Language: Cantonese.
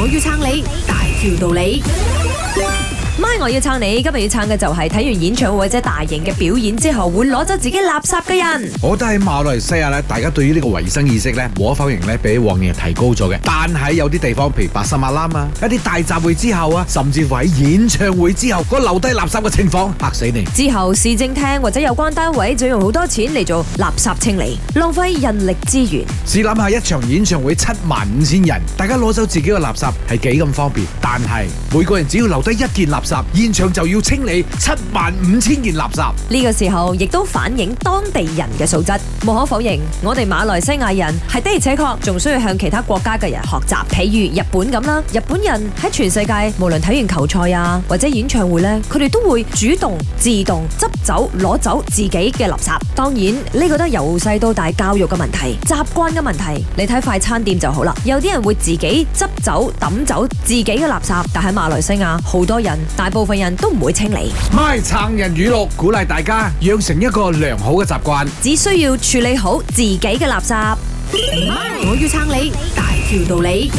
我要撐你，大條道理。咪我要撐你，今日要撐嘅就係睇完演唱會或者大型嘅表演之後，會攞走自己垃圾嘅人。我覺得喺馬來西亞咧，大家對於呢個衛生意識咧，無可否認咧，比往年提高咗嘅。但係有啲地方，譬如白沙馬蘭啊，一啲大集會之後啊，甚至乎喺演唱會之後，嗰留低垃圾嘅情況，吓死你！之後市政廳或者有關單位就要用好多錢嚟做垃圾清理，浪費人力資源。試諗下一場演唱會七萬五千人，大家攞走自己嘅垃圾係幾咁方便？但係每個人只要留低一件垃圾。現場就要清理七萬五千件垃圾，呢個時候亦都反映當地人嘅素質。無可否認，我哋馬來西亞人係的而且確仲需要向其他國家嘅人學習，譬如日本咁啦。日本人喺全世界，無論睇完球賽啊或者演唱會呢，佢哋都會主動自動執走攞走自己嘅垃圾。當然呢個都係由細到大教育嘅問題、習慣嘅問題。你睇快餐店就好啦，有啲人會自己執走抌走自己嘅垃圾，但喺馬來西亞好多人。大部分人都唔會清理，咪撐人語錄，鼓勵大家養成一個良好嘅習慣，只需要處理好自己嘅垃圾。My, my, 我要撐你，大條 my，道理。